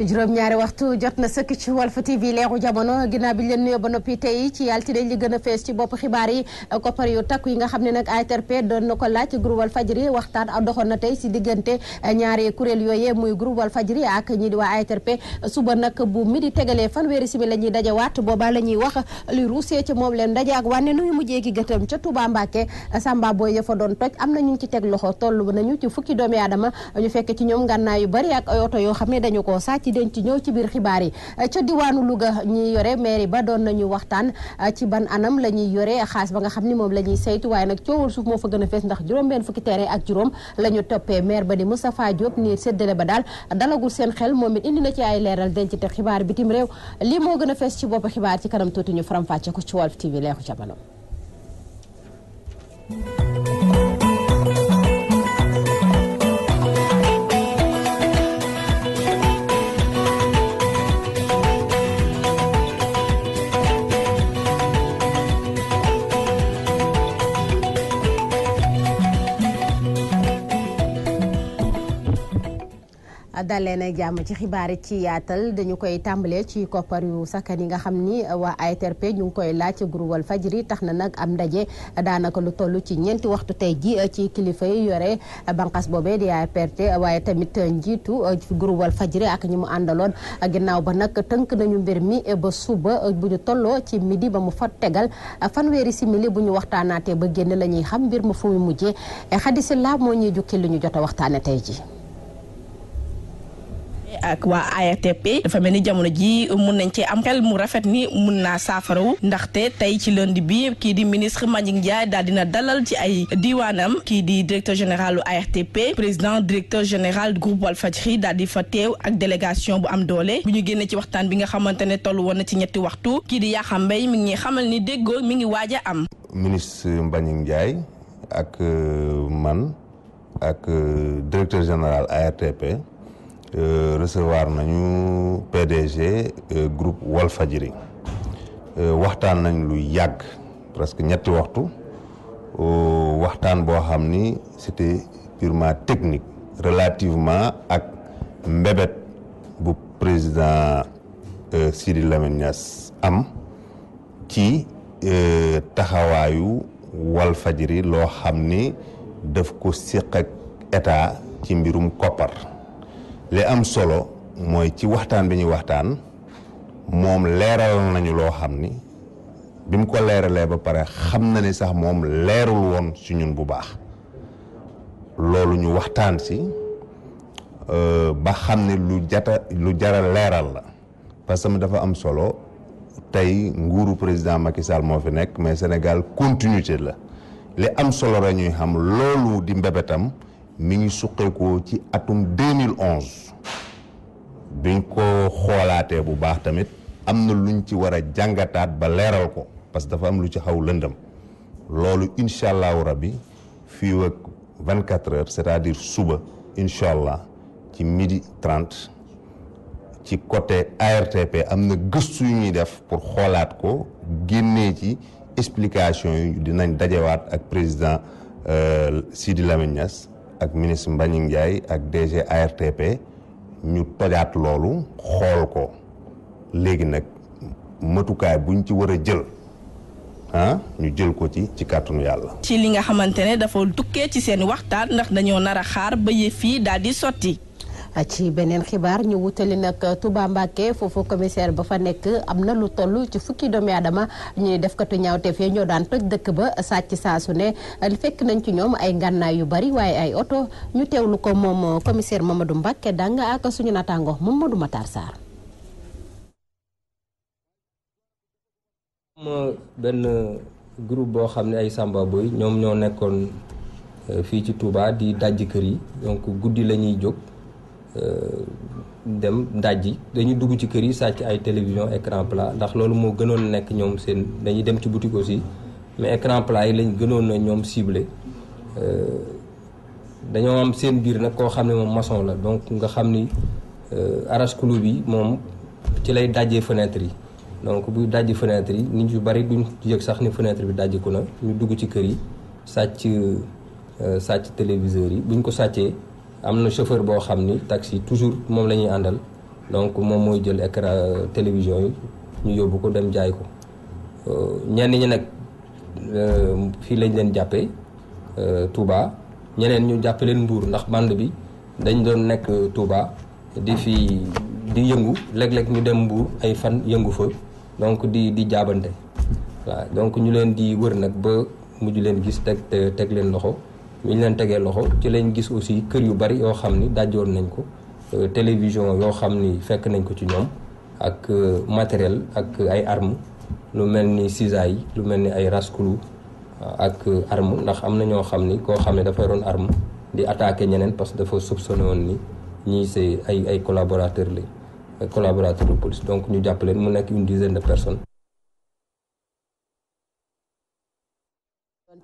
juróom-ñaari waxtu jot na sëkk ci Walf TV leeru jamono ginnaaw bi ñu leen ba noppi tey ci altine li gën a fees ci bopp xibaar yi koppar yu takk yi nga xam ne nag ARTP doon na ko laaj groupe Walfadjri waxtaan doxoon na tey si diggante ñaari kuréel yooyee muy groupe Walfadjri ak ñi di waa ARTP suba nag bu mi di tegalee fanweeri simili la ñuy dajawaat boobaa la ñuy wax li ruusee ci moom leen daje ak wànne nuyu mujjee ki gëtam ca Touba Mbacké Samba Boy ya fa doon toj am na ñu ci teg loxo toll nañu ci fukki doomi aadama ñu fekk ci ñoom ngànnaay yu bari ak oto yoo xam ne dañu koo sàcc ci denc ñëw ci biir xibaar yi ca diwaanu Louga ñuy yore mairie ba doon nañu waxtaan ci ban anam la ñuy yore xaas ba nga xam ni moom la ñuy saytu waaye nag coowal suuf moo fa gën a fees ndax juróom benn fukki terrain ak juróom la ñu toppee maire ba di Moustapha Diop nii séddale ba daal dalagul seen xel moom it indi na ci ay leeral denc te xibaar bitim réew lii moo gën a fees ci bopp xibaar ci kanam tuuti ñu faram fàcce ko ci Walf TV leexu jamono dalee na jàmm ci xibaar yi ci yaatal dañu koy tàmbalee ci koppar yu sakkan yi nga xam ni waa ARTP ñu ngi koy laaj groupe Walfadjri tax na nag am ndaje daanaka lu toll ci ñeenti waxtu tey ji ci kilifa yi yore banqas boobee di ARTP waaye tamit njiitu groupe Walfadjri ak ñi mu àndaloon ginnaaw ba nag tënk nañu mbir mi ba suba bu ñu tolloo ci midi ba mu fa tegal fanweeri simili bu ñu waxtaanaatee ba génn la ñuy xam mbir ma fu mu mujje xadisi moo ñuy jukki li ñu jot waxtaane tey ji ak waa ARTP dafa mel ni jamono ji mun nañ cee am xel mu rafet ni mun naa saafarawu ndaxte tey ci lundi bi kii di ministre Mbagnick Ndiaye daal dina dalal ci ay diwaanam kii di directeur général ARTP président directeur général groupe Walfadjri daal di fa teew ak délégation bu am doole bu ñu génnee ci waxtaan bi nga xamante ne toll woon na ci ñetti waxtu kii di Yakham Mbaye mi ngi xamal ni déggoo mi ngi waaj a am. ministre Mbagnick Ndiaye ak euh, man ak euh, directeur général ARTP. Euh, recevoir nañu PDG group euh, groupe fajiri euh, waxtaan nañ lu yàgg presque ñetti waxtu waxtaan boo xam ni te purement technique relativement ak mbébét bu président Sidi Lamine am ci taxawaayu fajiri loo xam ni def ko siq ak état ci mbirum koppar li am solo mooy ci waxtaan bi ñuy waxtaan moom leeral nañu loo xam ni bi mu ko leeralee ba pare xam na ni sax moom leerul woon ci ñun bu baax loolu ñu waxtaan si euh, ba xam ni lu jata lu jara leeral la parce que dafa am solo tey nguuru président Macky Sall moo fi nekk mais Sénégal continuité la li am solo la ñuy xam loolu di mbebetam mi ngi suqeekoo ci atum 2011 biñ ko xoolaatee bu baax tamit am na luñ ci war a jàngataat ba leeral ko parce que dafa am lu ci xaw lëndëm loolu incha allahu rabbi fii ak 24 heures c'est-à-dire suba incha allah ci midi 30 ci côté ARTP am na gëstu yu ñuy def pour xoolaat ko génnee ci explication yi dinañ dajewaat ak président euh, Sidi Lamine Niass ak ministre Mbagnick Ndiaye ak DG ARTP ñu tojaat loolu xool ko léegi nag matukaay buñ ci war a jël ah ñu jël ko ci ci kàttanu yàlla. ci li nga xamante ne dafa dukkee ci seen waxtaan ndax dañoo nar a xaar ba yëf yi daal di sotti. ci beneen xibaar ñu wutali nag tubaa Mbacké foofu commissaire ba fa nekk am na lu toll ci fukki doom yaadama ñuy def katu ñaawteef yi ñoo daan toj dëkk ba sàcc saa su ne fekk nañ ci ñoom ay ngànnaay yu bari waaye ay oto ñu teewlu ko moom commissaire Mamadou Mbacké dang ak suñu nataango Mamadou Matar Sarr. am benn groupe boo xam ne ay Samba Boy ñoom ñoo nekkoon euh, fii ci Touba di dajj kër yi donk guddi lañuy jóg. Euh, dem dajji dañuy dugg ci kër yi sàcc ay télévision écran plat ndax loolu moo gënoon nekk ñoom seen dañuy dem ci boutique aussi mais écran plat yi lañ gënoon na ñoom ciblé euh, dañoo am seen biir nag koo xam ne moom maçon la donc nga xam ni euh, arrache-clou bi moom ci lay dajjee fenêtre yi donc buy dajji fenêtre yi nit yu bari duñ yëg sax ni fenêtre bi dajjiku na ñu dugg ci kër yi sàcc sàcc téléviseurs yi buñ ko sàccee am na chauffeur boo xam ni taxi toujours moom la ñuy àndal donc moom mooy jël écran télévision yi ñu yóbbu ko dem jaay ko euh, ñenn ñi nag euh, fii lañ leen jàppee euh, Touba ñeneen ñu jàppe leen Mbour ndax mànd bi dañ doon nekk Touba di fi di yëngu léeg-léeg ñu dem Mbour ay fan yëngu fa donc di di jaabante waaw donc ñu leen di wër nag ba mujj leen gis teg teg leen loxo. bi ñu leen tegee loxo ci lañ gis aussi kër yu bari yoo xam ni dajjoon nañ ko euh, télévision yoo xam ni fekk nañ ko ci ñoom ak euh, matériel ak ay armes lu mel ni yi lu mel ni ay raskulu euh, ak arme ndax am na ñoo xam ni koo xam ne dafa yoroon arme di attaqué ñeneen parce que dafa soupçonné woon ni ñu c'est ay ay collaborateurs la collaborateurs de police donc ñu jàpp leen mu nekk une dizaine de personnes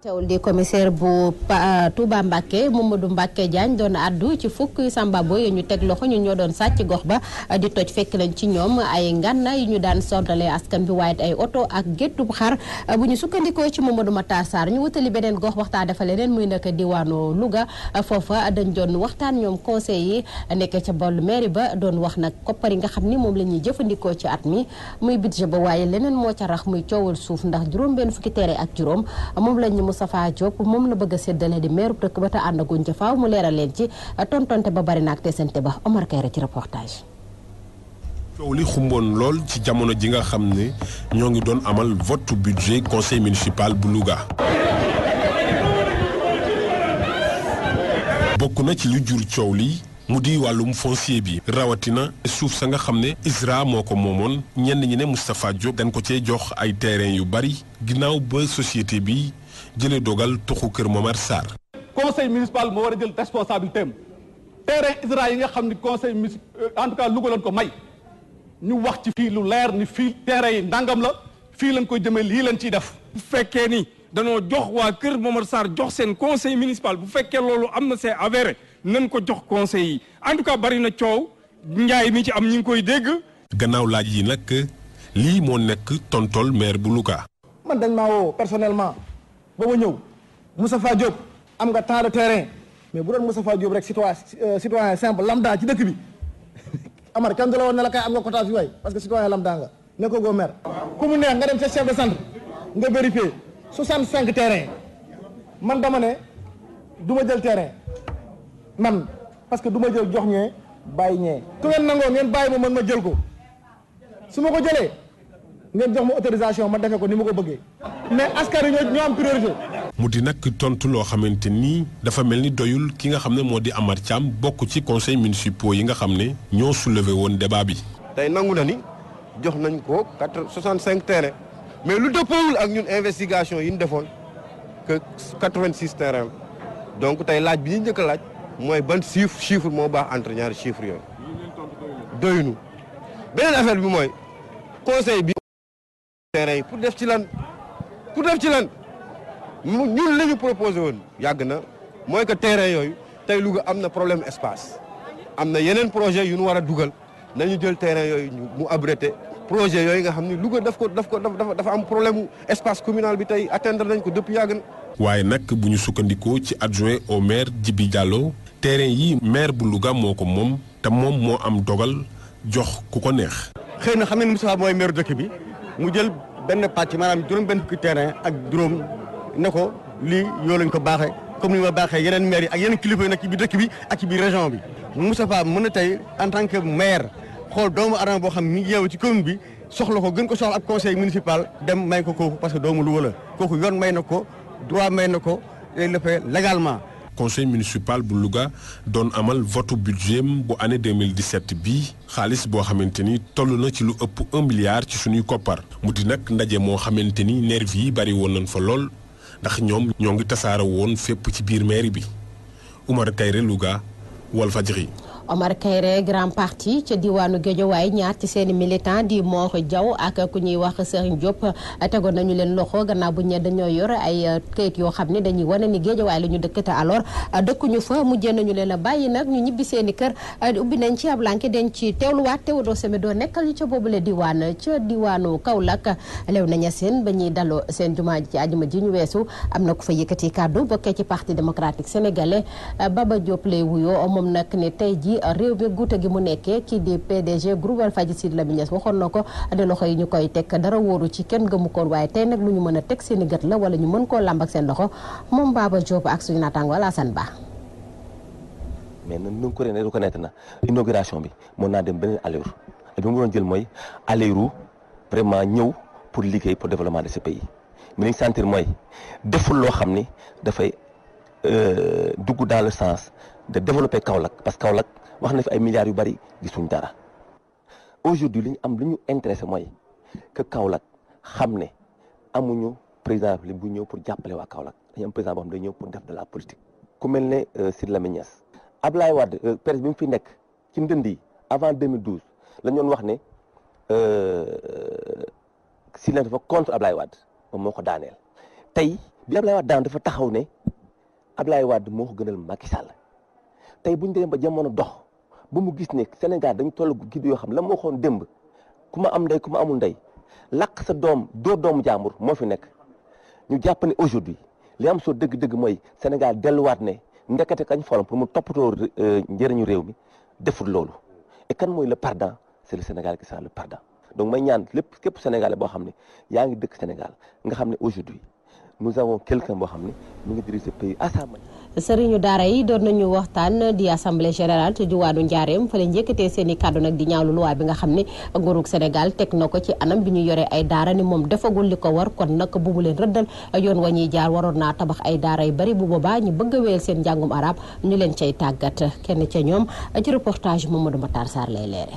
teewul di commissaire bu euh, Touba ma Mamadou Mbacke Diagne doon addu ci fukk sambabo yi ñu teg loxo ñu ñoo doon sàcc gox ba euh, di toj fekk lañ ci ñoom ay na yi ñu daan sondale askan bi waaye ay oto ak géttub xar euh, bu ñu sukkandikoo ci Mamadou Matar Sarr ñu wutali beneen gox waxtaan dafa leneen muy naka diwaanu Louga foofa dañ doon waxtaan ñoom conseil yi nekk ca boll mairie ba doon wax nag koppar yi nga xam ni moom la ñuy jëfandikoo ci at mi muy budget ba waaye leneen moo ca rax muy coowal suuf ndax juróom fukki teere ak juróom Moustapha Diop moom la bëgg a séddale di meeru te ànd aguñ ca faaw mu leeral leen ba bari naag te ba Omar Kayra ci reportage. coow li xumboon lool ci jamono ji nga xam ne ñoo ngi doon amal vote budget conseil municipal bu Louga. bokk na ci lu jur coow li mu di wàllum foncier bi rawatina suuf sa nga xam ne ISRA moo ko moomoon ñenn ñi ne Moustapha Diop dañ ko cee jox ay terrain yu bari ginnaaw ba société bi jëlee dogal tuxu kër Momar Sarr. conseil municipal moo war a jël responsabilité am terrain ISRA yi nga xam ni conseil mus euh, en tout cas Louga ko may ñu wax ci fii lu leer ni fii tere yi ndàngam la fii lañ koy jëmee lii lañ ciy def. bu fekkee ni danoo jox waa kër Momar Sarr jox seen conseil municipal bu fekkee loolu am na c'est avéré nañ ko jox conseil yi en tout cas bari na coow njaay mi ci am ñu ngi koy dégg. gannaaw laaj yi nag lii moo nekk tontool maire bu Louga. ba ma ñëw Moustapha Diop am nga temps de terrain mais bu doon Moustapha Diop rek citoyen euh, citoyen simple lambda ci dëkk bi Amar kenn du la woon ne la kay am nga quota fi parce que citoyen lambda nga ne ko goo maire ku mu neex nga dem sa chef de centre nga vérifier 65 terrain man dama ne du ma jël terrain man parce que du ma jël jox ñee bàyyi ñee ku ngeen nangoo ngeen bàyyi moom man ma jël ko su ma ko jëlee ngeen jox ma autorisation ma defee ko ni ma ko bëggee mais askan ñoo am priorité. mu di nag tontu loo xamante nii dafa mel ni doyul ki nga xam ne moo di Amar Thiam bokk ci conseil municipal yi nga xam ne ñoo soulevé woon débat bi. tey nangu na ni jox nañ ko quatre soixante cinq terrain mais lu dëppoowul ak ñun investigation yi ñu defoon que quatre vingt six tey laaj bi ñu njëkk laaj mooy ban chiffre chiffre moo baax entre ñaari chiffres yooyu. doyunu beneen affaire bi mooy conseil bi. ku def ci lan ku def ci lan ñun li ñu proposé woon yàgg na mooy que terrain yooyu tey Louga am na problème espace am na yeneen projet yu nu war a dugal nañu jël terrain yooyu mu abrité projet yooyu nga xam ni Louga daf ko daf ko dafa am problème espace communal bi tey atteindre nañ ko depuis yàgg na. waaye nag bu ñu sukkandikoo ci adjoint au maire Djibi Diallo terrain yi maire bu Louga moo ko moom te moom moo am dogal jox ku ko neex. xëy na xam ne Moussa mooy maire dëkk bi benn pàcc maanaam juróom benn fukki terrain ak juróom ne ko lii yoo lañ ko baaxe comme ni ma baaxee yeneen maire yi ak yeneen kilifa nag ci bi dëkk bi ak ci biir région bi. Moustapha mën na tey en tant que maire xool doomu aadama boo xam ni ngi ci commune bi soxla ko gën ko soxla ak conseil municipal dem may ko kooku parce que doomu lu la kooku yoon may na ko droit may na ko léeg légalement. conseil municipal bu Louga doon amal votu budget bu année 2017 bi xaalis boo xamante ni toll na ci lu ëpp un milliard ci suñuy koppar mu di nag ndaje moo xamante ni nervi yi bari woon nañ fa lool ndax ñoom ñoo ngi tasaara woon fépp ci biir mairie bi Oumar Kayre Louga Walfadjri Omar Kayre grand parti ca diwaanu Guédiawaye ñaar ci seeni militant di Mor Diaw ak ku ñuy wax Serigne Diop tegoon nañu leen loxo gannaaw bu ñu dañoo yor ay euh, kayit yoo xam ne dañuy wane ni Guédiawaye la ñu dëkk te alors euh, dëkkuñu fa mujjee nañu leen a bàyyi nag ñu ñibbi seen i kër euh, ubbi nañ ci ab lànk dañ ci teewluwaat Théodore Semedo nekkal ñu ca boobule diwaan ca diwaanu Kaolack lew nañu seen ba ñuy daloo seen jumaa ji ci àjjuma ji ñu weesu am na ku fa yëkkati kàddu bokkee ci parti démocratique sénégalais Baba Diop lay wuyoo moom ci réew bi guute gi mu nekkee kii di PDG groupe Walfadjri Sidy Lamine Niass waxoon na ko de loxo yi ñu koy teg dara wóoru ci kenn gëmu koon waaye tey nag lu ñu mën a teg seen i gët la wala ñu mën koo làmb ak seen loxo moom Baba Diop ak suñu naataango Alassane Ba. mais na nu ko re reconnaître na inauguration bi mën naa dem beneen allure bi mu doon jël mooy allure vraiment ñëw pour liggéey pour développement de ce pays mais li ñu sentir mooy deful loo xam ni dafay euh, dugg dans le sens de développer Kaolack parce wax na fi ay milliards yu bari gisuñ dara aujourd'hui li ñu am li ñu intéressé mooy que Kaolack xam ne amuñu président li bu ñëw pour jàppale waa Kaolack dañu am président boo xam day ñëw pour def la politique ku ne euh, Sidy Lamine Niass Ablaye Wade euh, presse bi mu fi nekk ci ndënd yi avant 2012 lañ doon wax ne euh, Sidy Lamine dafa contre Ablaye Wade moom moo ko daaneel tey bi Ablaye Wade daan dafa taxaw ne Ablaye Wade moo ko gënal Macky Sall tey bu ñu demee ba jamono dox ba mu gis ne Sénégal dañu toll gidd yoo xam la moo xoon demb ku ma am ndey ku ma amul ndey làq sa doom doo doomu jaambur moo fi nekk ñu jàpp ne aujourd'hui li am soo dëgg-dëgg mooy Sénégal delluwaat ne ndekete kañ forom pour mu toppatoo euh, njëriñu réew mi deful loolu et kan mooy le pardon c'est le Sénégal qui sera le pardon donc may ñaan lépp képp Sénégalais boo xam ne yaa ngi dëkk Sénégal nga xam ne aujourd'hui nous avons quelqu'un boo xam ne sëriñu daara yi doon nañu waxtaan di assemblée générale te juwaadu njaareem fa la njëkkatee seen i kàddu nag di ñaawlu luwaa bi nga xam ne nguurug Sénégal teg na ko ci anam bi ñu yoree ay daara ni moom defagul li ko war kon nag bu mu leen rëddal yoon wa ñuy jaar waroon naa tabax ay daara yu bari bu boobaa ñu bëgg a seen njàngum arab ñu leen cay tàggat kenn ca ñoom ci reportage Mamadou Matar Sarr lay leere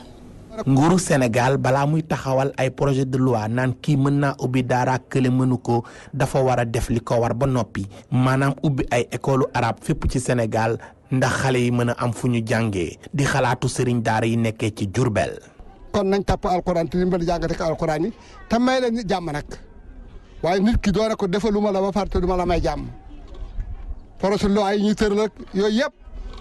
nguuru Sénégal balaa muy taxawal ay projet de loi naan kii mën naa ubbi daara kële mënu ko dafa war a def li ko war ba noppi maanaam ubbi ay école arab fépp ci Sénégal ndax xale yi mën a am fu ñu jàngee di xalaatu sëriñ daara yi nekkee ci Jurbel kon nañ tàpp alxuraan te dimbali jàngate ko alxuraan yi te may leen jàmm nag waaye nit ki doone ko defaluma la ba far te la may jàmm projet de loi yi ñuy tëral ak yooyu yëpp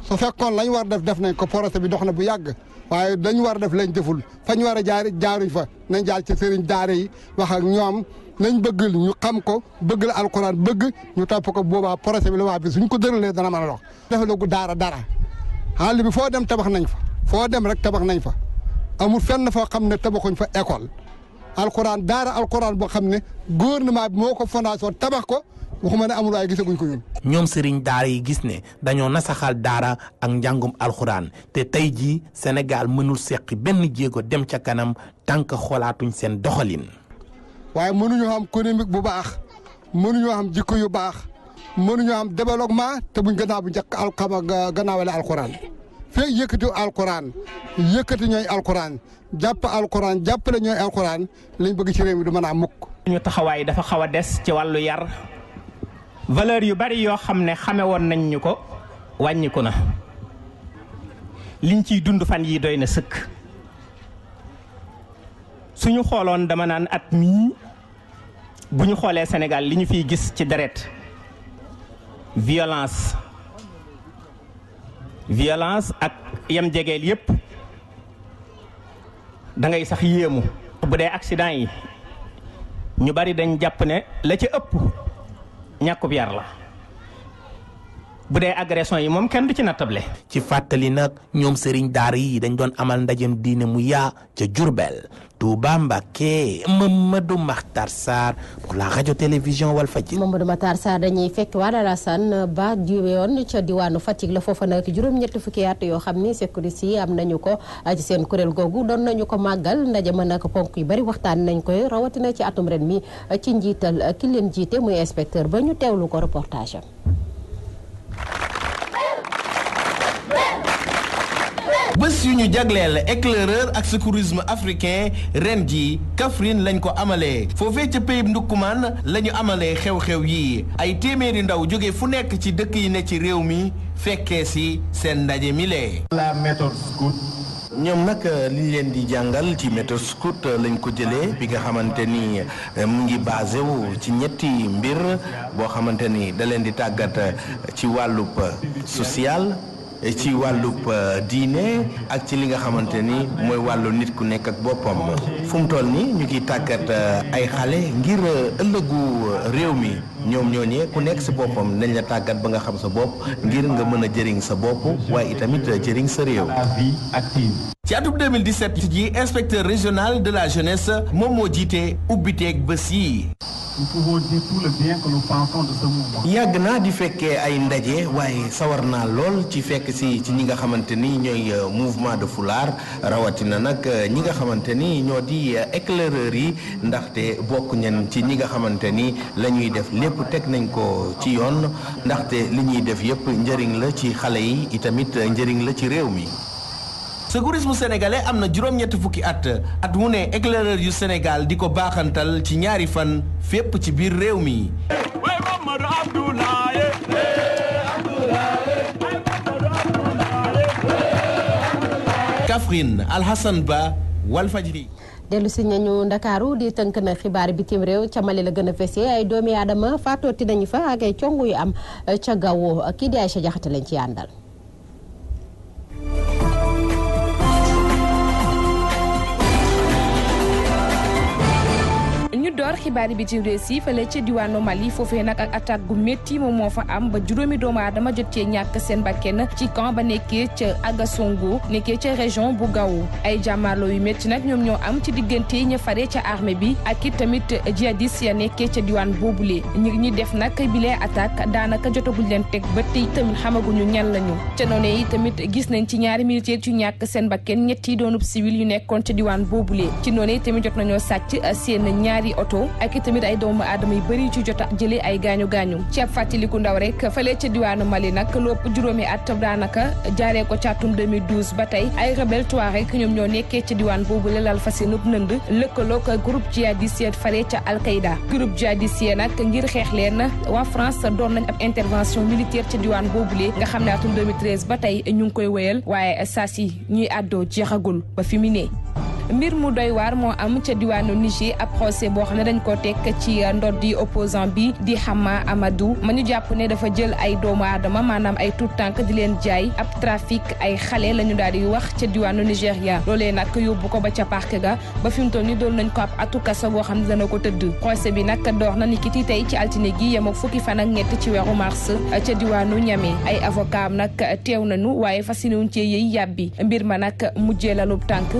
su fekkoon lañu war def def nañ ko projet bi dox na bu yàgg waaye dañ war def lañ deful fañ war a jaari jaaruñ fa nañ jaar ci sëriñ daara yi wax ak ñoom lañ bëggal ñu xam ko bëggal alxuraan bëgg ñu topp ko boobaa projet bi la waa bi suñ ko dëralee dana mën a dox defalagu daara dara àll bi foo dem tabax nañ fa foo dem rek tabax nañ fa amul fenn foo xam ne tabaxuñ fa école alxuraan daara alxuraan boo xam ne gouvernement bi moo ko fondation tabax ko waxuma ne amul waaye gisaguñ ko ñun. ñoom seriñ daara yi gis ne dañoo nasaxal daara ak njàngum alxuraan te tey jii Sénégal mënul seqi benn jéego dem ca kanam tànk xoolaatuñ seen doxalin. waaye mënuñoo am économique bu baax mënuñoo am jikko yu baax mënuñoo am développement te buñ gannaaw bu njëkk al xam gannaawale alxuraan fee yëkkati alxuraan yëkkati ñooy alxuraan jàpp alxuraan jàppale ñooy alxuraan lañ bëgg ci réew mi du mën a am mukk. ñu taxawaay dafa xaw a des ci wàllu yar. valeur yu bari yoo xam ne xame woon nañ ñu ko wàññiku na liñ ciy dund fan yi doy na sëkk suñu xooloon dama naan at mii bu ñu xoolee senegal li ñu fiy gis ci deret violence violence ak yam jegeel yépp dangay sax yéemu bu dee accident yi ñu bari dañ jàpp ne la ca ëpp ñàkkub yar la bu dee agression yi moom kenn du ci nattable. ci fàttali nag ñoom sëriñ daar yi dañ doon amal ndajem diine mu yaa ca Jurbel Touba Mbacké Mamadou Makhtar Sarr pour la radio télévision Walfadjri. Mamadou Makhtar Sarr dañuy fekk wala Alassane Ba jiwoon ca diwaanu Fatick la foofa nag juróom-ñetti fukki at yoo xam ni sécurité yi am nañu ko ci seen kuréel googu doon nañu ko màggal ndaje ma nag ponk yi bari waxtaan nañ koy rawatina ci atum ren mi ci njiital ki leen jiite muy inspecteur ba ñu teewlu ko reportage bés yu ñu jagleel éclaireur ak secourisme africain ren ji Kaffrine lañ ko amalee foofee ca péyib ndukkumaan la ñu amalee xew-xew yi ay téeméeri ndaw jóge fu nekk ci dëkk yi ne ci réew mi fekkee si seen ndaje mi lee la méthode scout ñoom nag euh, li leen di jàngal ci méthode scout euh, lañ ko jëlee bi nga xamante ni euh, mu ngi basé wu ci ñetti mbir boo xamante ni da leen di tàggat ci wàllub social ci wàllub euh, diine ak ci li nga xamante ni mooy wàllu nit ku nekk ak boppam fu mu toll nii ñu ngi tàggat euh, ay xale ngir euh, ëllëgu réew mi ñoom ñooñee ku nekk si boppam nañ la tàggat ba nga xam sa bopp ngir nga mën a jëriñ sa bopp waaye itamit jëriñ sa réew. ci atum 2017 ji inspecteur régional de la jeunesse moom moo jiitee ubbiteeg bés yi. nous pouvons dire yàgg naa di fekkee ay ndaje waaye sawar naa lool ci fekk si ci ñi nga xamante ni ñooy euh, mouvement de foulard rawatina nag euh, ñi nga xamante ni ñoo di euh, éclaireurs yi ndaxte bokk ñen ci ñi nga xamante ni la ñuy def lépp teg nañ ko ci yoon ndaxte li ñuy def yépp njëriñ la ci xale yi itamit njëriñ la ci réew mi. secourisme sénégalais am na juróom-ñetti fukki at at wu ne éclaireur yu Sénégal di ko baaxantal ci ñaari fan fépp ci biir réew mi. Kaffrine alxasan Ba Walfadjri. dellu si nañu ndakaaru di tënk na xibaar bitim réew ca Mali la gën a fese ay doomi aadama faatooti nañu fa ak ay cong yu am eh, ca gawo kii di Aïcha Jaxate lañ ci àndal. door xibaar yi bitim réew si fële ca diwaanu Mali foofee nag ak attaque gu métti moom moo am ba juróomi doomu aadama jot cee ñàkk seen bakken ci camp ba nekkee ca Agasongo nekkee ca région bu Gao ay jàmmaarloo yu métti nag ñoom ñoo am ci diggante ña fare ca armée bi ak it tamit jihadis ya nekkee ca diwaan boobule ñi ñi def nag bilee attaque daanaka jotaguñ leen teg ba tey tamit xamaguñu ñan lañu ca noonu yi tamit gis nañ ci ñaari militaire yu ñàkk seen bakken ñetti doonub civil yu nekkoon ca diwaan boobule ci noonu yi jot nañoo sàcc seen ñaari oto oto ak itamit ay doomu aadama yu bëri ci jot a jëlee ay gaañu gaañu ci ab fàttaliku ndaw rek fële ca diwaanu Mali nag lu ëpp juróomi at daanaka jaaree ko ca atum 2012 ba tey ay rebelle touareg ñoom ñoo nekkee ci diwaan boobu lelal fa seenub nënd lëkkaloo ko groupe djihadiste fare ca Al-Qaïda groupe djihadiste nag ngir xeex leen waa France doon nañ ab intervention militaire ca diwaan boobule nga xam ne atum 2013 ba tey ñu ngi koy wéyal waaye saas yi ñuy àddoo jeexagul mbir mu doy waar moo am ca diwaanu Niger ab procès boo xam ne dañ koo teg ci ndoddi opposant bi di Hama amadu ma ñu jàpp ne dafa jël ay doomu aadama maanaam ay tout tànk di leen jaay ab trafic ay xale la ñu daal di wax ca diwaanu Nigéria loole nag yóbbu ko ba ca parc ga ba fi mu toll nii dool nañ ko ab atu kaso goo xam ne dana ko tëdd procès bi nag door na niki tey ci altine gi yem ak fukki fan ak ñett ci weeru mars ca diwaanu ñame ay avocat am nag teew nañu waaye fas yéene wuñ cee mbir ma nag mujjee lalub tànk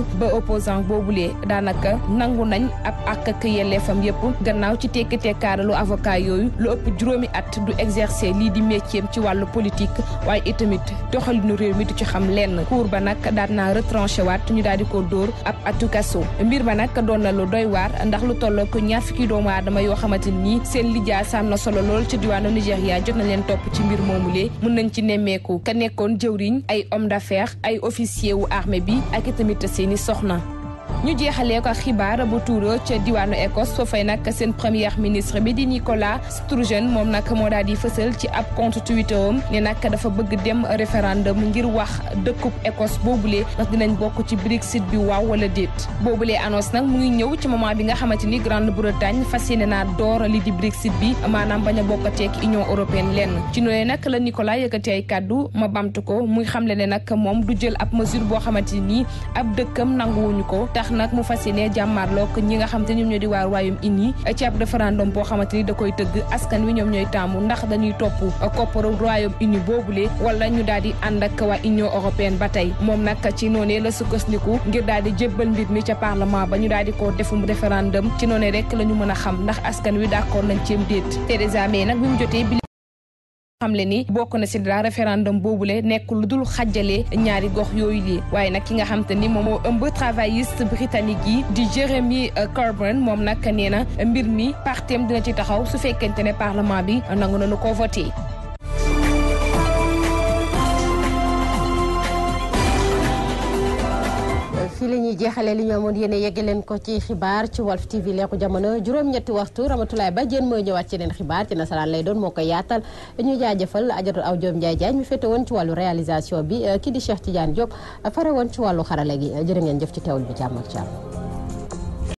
boobu boobulee daanaka nangu nañ ab àq ak yelleefam yépp gannaaw ci tekki tekkaaralu avocat yooyu lu ëpp juróomi at du exercer lii di métier ci wàllu politique waaye itamit doxalinu réew mi du ci xam lenn cour ba nag daan naa retranché waat ñu daal di ko dóor ab atu mbir ba nag doon na lu doy waar ndax lu tolloo ko ñaar fukki doomu aadama yoo xamante ni seen lijjaa saam na solo lool ci diwaanu Nigéria jot na leen topp ci mbir moomu moomulee mën nañ ci nemmeeku ka nekkoon jëwriñ ay homme d'affaires ay officier wu armée bi ak itamit seeni soxna ñu jeexalee ko xibaar ba tuuro ca diwaanu Écosse foofay nag seen premier ministre bi di Nicolas Sturgeon moom nag moo daal di fësal ci ab compte Twitter am ne nag dafa bëgg dem référendum ngir wax dëkkub Écosse boobule ndax dinañ bokk ci Brexit bi waaw wala déet. boobulee annonce nag mu ngi ñëw ci moment bi nga xamante ni Grande-Bretagne fas yéene naa door li di Brexit bi maanaam bañ a bokkateeg Union européenne lenn ci noonu nag la Nicolas yëkkati ay kàddu ma bamtu ko muy xamle ne nag moom du jël ab mesure boo xamante ni ab dëkkam nanguwuñu ko. ndax nag mu fas yéene jàmmaarloog ñi nga xam te ñoom ñoo di waa Royaume-Uni ci ab référendum boo xamante ni da koy tëgg askan wi ñoom ñooy taamu ndax dañuy topp kopparu Royaume-Uni boobule wala ñu daal di ànd ak waa Union européenne ba tey moom nag ci noonee la sukkandiku ngir daal di jébbal mbir mi ca parlement ba ñu daal di ko defum référendum ci noonee rek la ñu mën a xam ndax askan wi d'accord nañ ceem déet Theresa May nag bi mu jotee xamle ni bokk na si dara référendum boobule nekk lu dul xàjjale ñaari gox yooyu lii waaye nag ki nga xam ni moom moo ëmb travailliste britannique yi di Jeremy euh, Corbyn moom nag nee na mbir mi partem dina ci taxaw su fekkente ne parlement bi euh, nangu nañu ko vote fii la ñuy jeexalee li ñu amoon yéen a leen ko ci xibaar ci Walf TV leeku jamono juróom-ñetti waxtu Ramatulaay Ba jéen mooy ñëwaat ci leen xibaar ci nasaraan lay doon moo koy yaatal ñu jaajëfal ajatul aw joom Njaay Jaay mi féete woon ci wàllu réalisation bi euh, kii di Cheikh Tidiane a fare woon ci wàllu xarale gi jërë ngeen jëf ci teewul bi jàmm ak jàmm